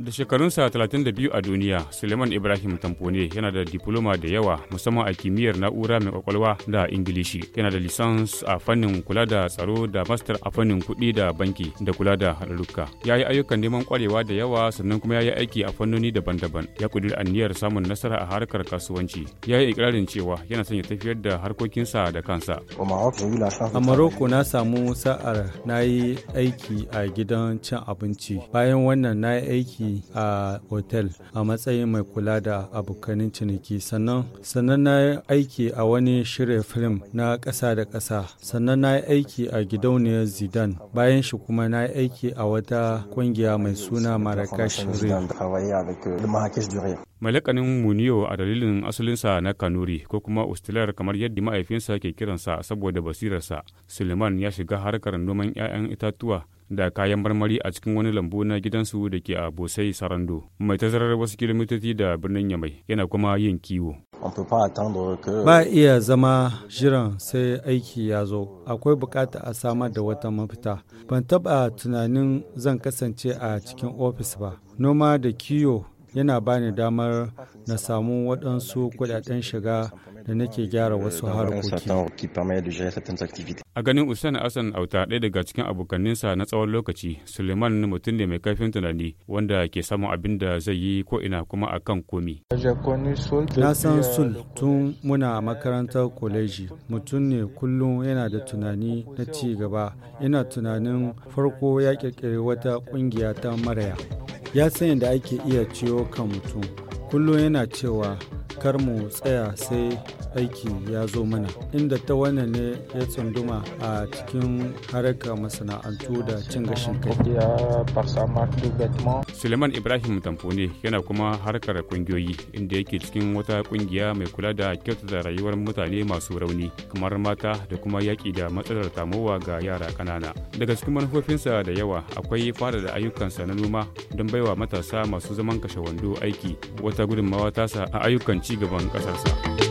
Da shekarunsa 32 a duniya, Suleiman Ibrahim Tamfone yana da diploma da yawa musamman a kimiyyar na'ura mai kwakwalwa da Ingilishi. Yana da lisans a fannin kula da tsaro da master a fannin kuɗi da banki da kula da haɗarurruka. Ya yi ayyukan neman kwarewa da yawa sannan kuma ya yi aiki a fannoni daban-daban. Ya kudiri aniyar samun nasara a harkar kasuwanci. Ya yi ikirarin cewa yana sanya tafiyar da harkokinsa da kansa. A Maroko na samu sa'ar na yi aiki a gidan cin abinci. Bayan wannan na yi aiki aiki a otel a matsayin mai kula da abokanin ciniki sannan sannan na aiki a wani shirya film na ƙasa da ƙasa sannan na aiki a gidauniyar zidane bayan shi kuma na aiki a wata ƙungiya mai suna marrakesh malakanin muniyo a dalilin asalinsa na kanuri ko kuma ustilar kamar yadda mahaifinsa ke kiransa saboda basirarsa suleiman ya shiga harkar noman 'ya'yan itatuwa da kayan marmari a cikin wani lambu na gidansu da ke a Bosai Sarando, mai tazarar wasu kilomitoci da birnin Yamai, yana kuma yin kiwo. Ba iya zama jiran sai aiki ya zo, akwai bukata a samar da wata mafita. Ban taba tunanin zan kasance a cikin ofis ba. Noma da kiwo. yana ba ni damar na samu waɗansu kuɗaɗen shiga da nake gyara wasu harkoki. A ganin Usain Hassan Auta ɗaya daga cikin abokaninsa na tsawon lokaci, Suleiman mutum ne mai kaifin tunani wanda ke samun abin da zai yi ko ina kuma a kan komi. Na san Sul tun muna makarantar koleji, mutum ne kullum yana da tunani na ci gaba. Ina tunanin farko ya ƙirƙiri wata ƙungiya ta maraya. ya san yadda ake iya ciwo kan mutum kullum yana cewa kar mu tsaya sai aiki ya zo mana inda ta wannan ne ya tsunduma a cikin harkar masana'antu da cin gashin kai suleiman ibrahim tamfone yana kuma harkar kungiyoyi inda yake cikin wata kungiya mai kula da kyautata rayuwar mutane masu rauni kamar mata da kuma yaƙi da matsalar tamowa ga yara ƙanana daga cikin manufofinsa da yawa akwai fara da ayyukansa na noma don baiwa matasa masu zaman kashe wando aiki wata gudunmawa tasa a ayyukan ci gaban ƙasarsa.